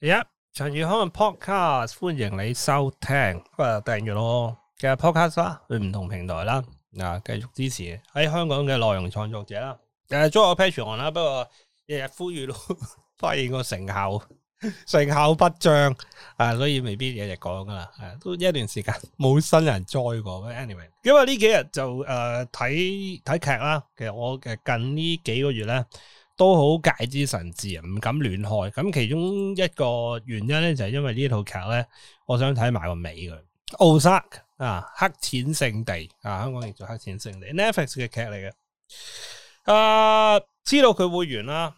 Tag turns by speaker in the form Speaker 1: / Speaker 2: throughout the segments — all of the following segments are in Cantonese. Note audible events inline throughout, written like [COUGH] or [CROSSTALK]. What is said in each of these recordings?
Speaker 1: 第一，陳宇康嘅 podcast 歡迎你收聽，不過訂閱咯嘅 podcast 啦，去唔同平台啦，啊，繼續支持喺香港嘅內容創作者啦，又係 jo 個 patron 啦，不過日日呼籲咯，發現個成效成效不彰啊，所以未必日日講噶啦，都一段時間冇新人栽過，anyway 呢幾日就誒睇睇劇啦，其實我嘅近呢幾個月咧。都好戒之神智啊，唔敢亂開。咁其中一個原因咧，就係因為呢套劇咧，我想睇埋個尾嘅《奧沙》啊，《黑錢勝地》啊，香港叫做《黑錢勝地》，Netflix 嘅劇嚟嘅。啊，知道佢會完啦，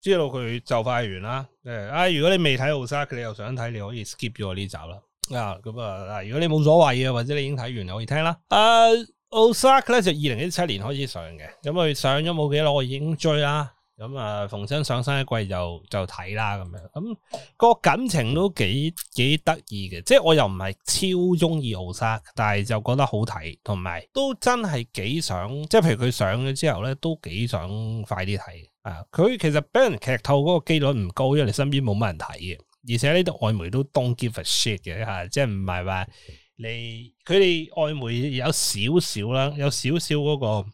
Speaker 1: 知道佢就快完啦。誒，啊，如果你未睇《奧沙》，你又想睇，你可以 skip 咗我呢集啦。啊，咁啊，如果你冇所謂嘅，或者你已經睇完，你可以聽啦。誒、啊，呢《奧沙》咧就二零一七年開始上嘅，咁佢上咗冇幾耐，我已經追啦、啊。咁、嗯、啊，逢親，上新一季就就睇啦，咁樣咁個感情都幾幾得意嘅，即係我又唔係超中意奧沙，但係就覺得好睇，同埋都真係幾想，即係譬如佢上咗之後咧，都幾想快啲睇啊！佢其實俾人劇透嗰個機率唔高，因為你身邊冇乜人睇嘅，而且呢度外媒都 don't give a shit 嘅吓、啊，即係唔係話你佢哋外媒有少少啦，有少少嗰個。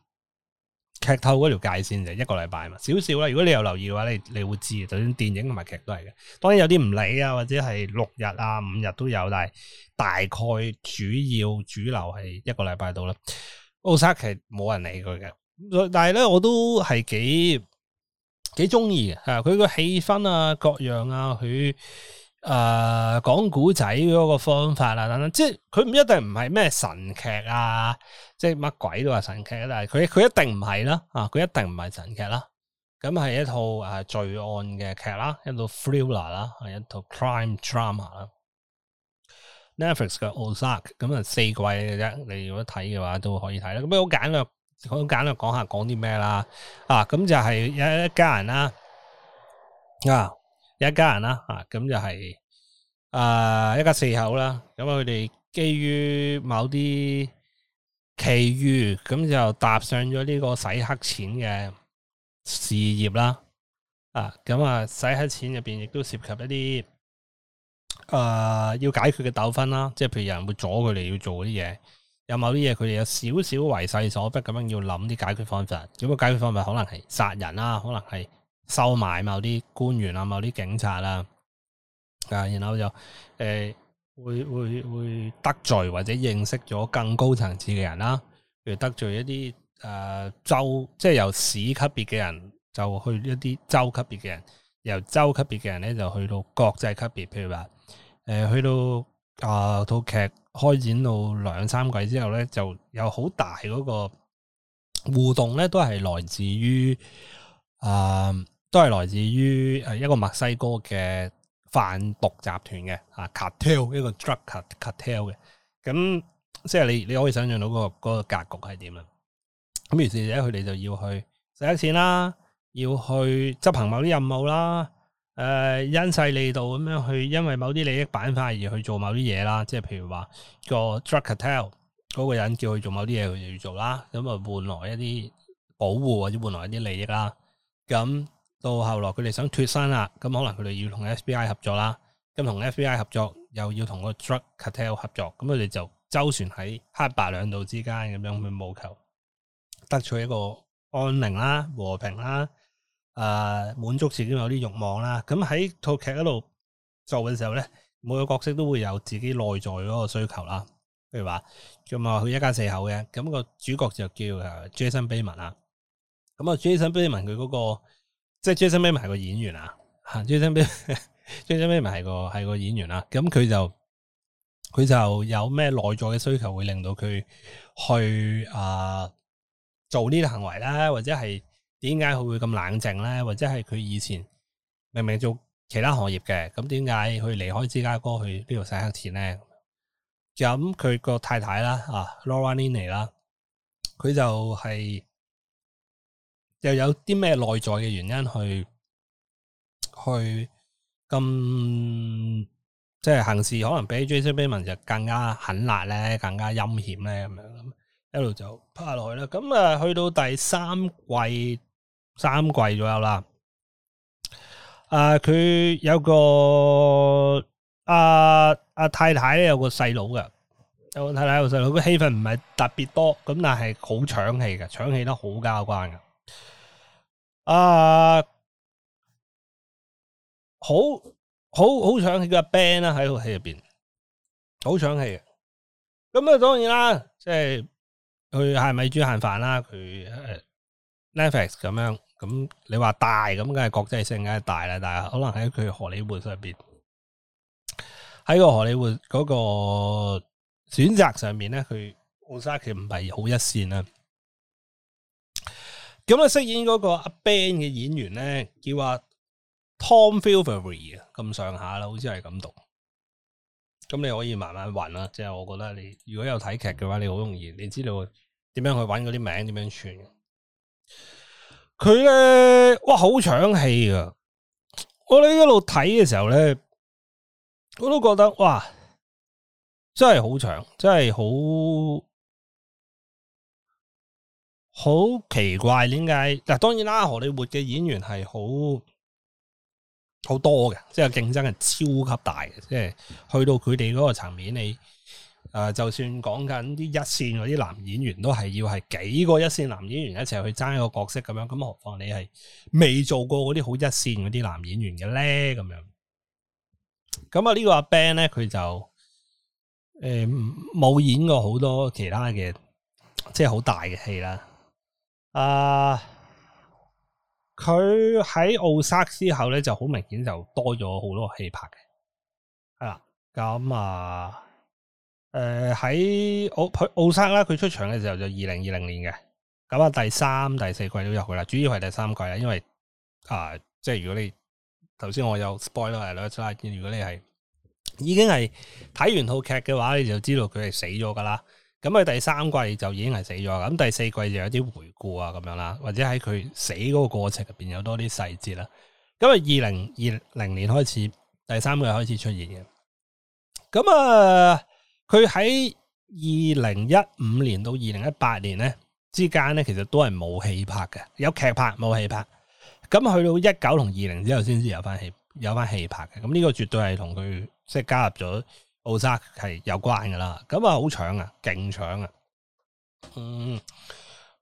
Speaker 1: 劇透嗰條界線就一個禮拜嘛，少少啦。如果你有留意嘅話，你你會知，就算電影同埋劇都係嘅。當然有啲唔理啊，或者係六日啊、五日都有，但係大概主要主流係一個禮拜到啦。奧沙奇冇人理佢嘅，但係咧我都係幾幾中意，佢個氣氛啊、各樣啊佢。誒、呃，講古仔嗰個方法啦，等等，即係佢唔一定唔係咩神劇啊，即係乜鬼都係神劇，但係佢佢一定唔係啦，佢、啊、一定唔係神劇啦，咁係一套誒、啊、罪案嘅劇啦，一套 thriller 啦，係一套 crime drama 啦，Netflix 嘅 Ozark，咁啊四季嘅啫，你如果睇嘅話都可以睇啦，咁好簡略，好簡略講下講啲咩啦，啊，咁就係有一家人啦、啊，啊，有一家人啦、啊，啊，咁就係、是。啊、呃，一家四口啦，咁啊，佢哋基於某啲奇遇，咁就搭上咗呢個洗黑錢嘅事業啦。啊，咁啊，洗黑錢入邊亦都涉及一啲，誒、呃，要解決嘅糾紛啦。即係譬如有人會阻佢哋要做嗰啲嘢，有某啲嘢佢哋有少少為勢所逼，咁樣要諗啲解決方法。咁個解決方法可能係殺人啦，可能係收買某啲官員啊，某啲警察啦。啊，然後就誒、呃，會會會得罪或者認識咗更高層次嘅人啦，譬如得罪一啲誒、呃、州，即係由市級別嘅人就去一啲州級別嘅人，由州級別嘅人咧就去到國際級別，譬如話誒、呃、去到啊套、呃、劇開展到兩三季之後咧，就有好大嗰個互動咧，都係來自於誒、呃，都係來自於誒一個墨西哥嘅。販毒集團嘅 cartel 一個 drug cartel 嘅，咁即係你你可以想象到嗰個嗰個格局係點啦。咁於是咧，佢哋就要去洗黑錢啦，要去執行某啲任務啦。誒、呃，因勢利導咁樣去，因為某啲利益板塊而去做某啲嘢啦。即係譬如話個 drug cartel 嗰個人叫佢做某啲嘢，佢就要做啦。咁啊換來一啲保護或者換來一啲利益啦。咁到後來佢哋想脫身啦，咁可能佢哋要同 FBI 合作啦，咁同 FBI 合作又要同個 drug cartel 合作，咁佢哋就周旋喺黑白兩道之間，咁樣去務求得取一個安寧啦、和平啦、誒、呃、滿足自己有啲慾望啦。咁喺套劇嗰度做嘅時候咧，每個角色都會有自己內在嗰個需求啦。譬如話叫佢一家四口嘅，咁、個主角就叫誒 Jason Bateman 啊，咁啊 Jason Bateman 佢嗰、個。即係 j a s o n b i e 係個演員啊。 [LAUGHS] j a s o n b a e j s i n b i 係個係個演員啊。咁佢就佢就有咩內在嘅需求會令到佢去啊做呢個行為咧，或者係點解佢會咁冷靜咧，或者係佢以前明明做其他行業嘅，咁點解佢離開芝加哥去呢度洗黑錢咧？咁佢個太太啦啊，Laurenie 啦，佢就係、是。又有啲咩內在嘅原因去去咁即係行事，可能比 Jason Bateman 就更加狠辣咧，更加陰險咧，咁樣咁一路就趴下落去啦。咁啊，去到第三季，三季左右啦。啊，佢有個阿阿、啊啊、太太有個細佬嘅。有太太個細佬，個戲份唔係特別多，咁但係好搶戲嘅，搶戲得好交關嘅。啊，好好好搶戲嘅 band 啦，喺喺套戲入邊好搶戲嘅。咁啊、就是，當然啦，即係佢係咪煮鹹飯啦？佢 Netflix 咁樣，咁你話大咁梗係國際性梗係大啦，但係可能喺佢荷里活上邊，喺個荷里活嗰個選擇上面咧，佢 Ozark 其實唔係好一線啊。咁啊！飾演嗰個阿 Ben 嘅演員咧，叫阿 Tom Pelphrey 啊，咁上下啦，好似係咁讀。咁你可以慢慢揾啦，即係我覺得你如果有睇劇嘅話，你好容易你知道點樣去揾嗰啲名，點樣串。佢咧，哇，好搶戲啊！我哋一路睇嘅時候咧，我都覺得哇，真係好搶，真係好。好奇怪點解？嗱，當然啦，荷里活嘅演員係好好多嘅，即係競爭係超級大嘅，即係去到佢哋嗰個層面，你誒、呃，就算講緊啲一線嗰啲男演員，都係要係幾個一線男演員一齊去爭一個角色咁樣，咁何況你係未做過嗰啲好一線嗰啲男演員嘅咧咁樣。咁啊，呢個阿 Ben 咧，佢就誒冇、呃、演過好多其他嘅，即係好大嘅戲啦。啊！佢喺奧沙之後咧，就好明顯就多咗好多戲拍嘅，係啦。咁啊，誒喺奧佢奧沙咧，佢出場嘅時候就二零二零年嘅。咁啊，第三、第四季都有佢啦，主要係第三季啦，因為啊，即係如果你頭先我有 spoil 啦，劉德華，如果你係已經係睇完套劇嘅話，你就知道佢係死咗噶啦。咁佢第三季就已經係死咗，咁第四季就有啲回顧啊，咁樣啦，或者喺佢死嗰個過程入邊有多啲細節啦。咁啊，二零二零年開始，第三季開始出現嘅。咁、嗯、啊，佢喺二零一五年到二零一八年咧之間咧，其實都係冇戲拍嘅，有劇拍冇戲拍。咁去到一九同二零之後，先至有翻戲，有翻戲拍嘅。咁、嗯、呢、呢個絕對係同佢即係加入咗奧沙克係有關噶啦，咁啊好搶啊，勁搶啊！嗯，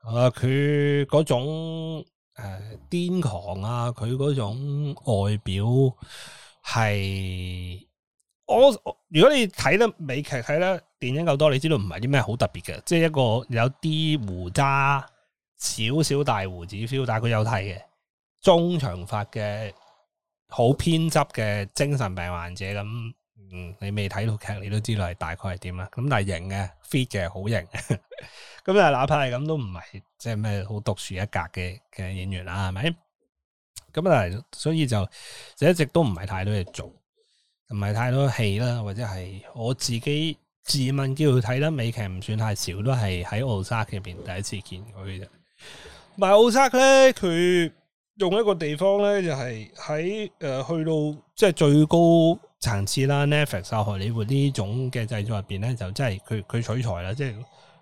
Speaker 1: 啊佢嗰種誒癲、呃、狂啊，佢嗰種外表係我如果你睇得美劇睇得電影夠多，你知道唔係啲咩好特別嘅，即、就、係、是、一個有啲鬍渣，少少大鬍子，feel，但係佢有睇嘅中長髮嘅好偏執嘅精神病患者咁。嗯，你未睇到劇，你都知道係大概係點啦。咁但係型嘅 fit 嘅好型，咁 [LAUGHS] 但係哪怕係咁都唔係即係咩好獨樹一格嘅嘅演員啦，係咪？咁啊，所以就就一直都唔係太多嘢做，唔係太多戲啦，或者係我自己自問叫佢睇得美劇唔算太少，都係喺《奧沙》入邊第一次見佢啫。但係《奧沙》咧，佢用一個地方咧，就係喺誒去到即係、就是、最高。層次啦，Netflix、荷里活呢種嘅製作入面咧，就真係佢佢取材啦，即係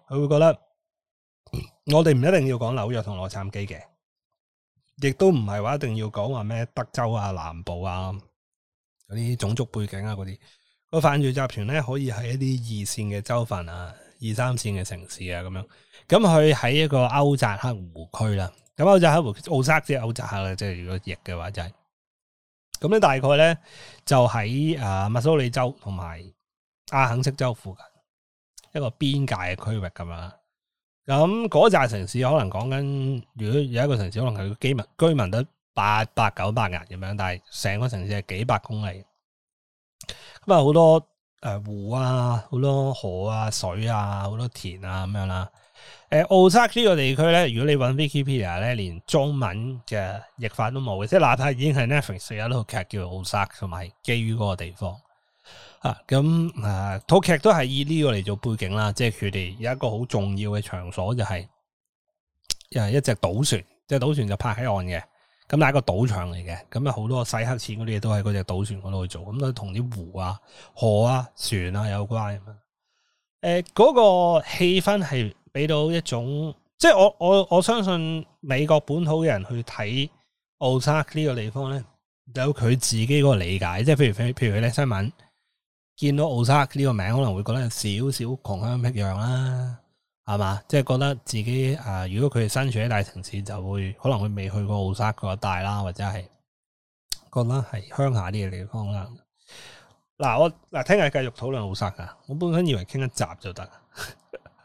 Speaker 1: 佢會覺得我哋唔一定要講紐約同洛杉磯嘅，亦都唔係話一定要講話咩德州啊、南部啊嗰啲種族背景啊嗰啲、個犯罪集團咧，可以喺一啲二線嘅州份啊、二三線嘅城市啊咁樣。咁佢喺一個歐扎克湖區啦，咁歐扎克湖奧扎即係歐扎克啦，即係如果譯嘅話就係、是。咁咧大概咧就喺啊密蘇里州同埋阿肯色州附近一個邊界嘅區域咁啦。咁嗰扎城市可能講緊，如果有一個城市可能佢居民居民得八百九百人咁樣，但係成個城市係幾百公里。咁啊好多誒、呃、湖啊，好多河啊，水啊，好多田啊咁樣啦。誒，奧薩呢個地區咧，如果你揾 Wikipedia 咧，連中文嘅譯法都冇嘅，即係哪怕已經係 Netflix 有一套劇叫《奧薩》同埋基於嗰個地方啊，咁、嗯、啊，套劇都係以呢個嚟做背景啦，即係佢哋有一個好重要嘅場所就係又係一隻賭船，即係賭船就泊喺岸嘅，咁但係一個賭場嚟嘅，咁啊好多洗黑錢嗰啲嘢都喺嗰隻賭船嗰度去做，咁都同啲湖啊、河啊、船啊有關啊。誒，嗰個氣氛係。俾到一種，即係我我我相信美國本土嘅人去睇奧沙克呢個地方咧，有佢自己嗰個理解。即係譬如譬如譬如咧，新聞見到奧沙克呢個名，可能會覺得有少少窮鄉僻壤啦，係嘛？即係覺得自己啊、呃，如果佢哋身處喺大城市，就會可能會未去過奧沙克嗰帶啦，或者係覺得係鄉下啲嘅地方啦。嗱，我嗱，聽日繼續討論奧沙噶，我本身以為傾一集就得。 [LAUGHS]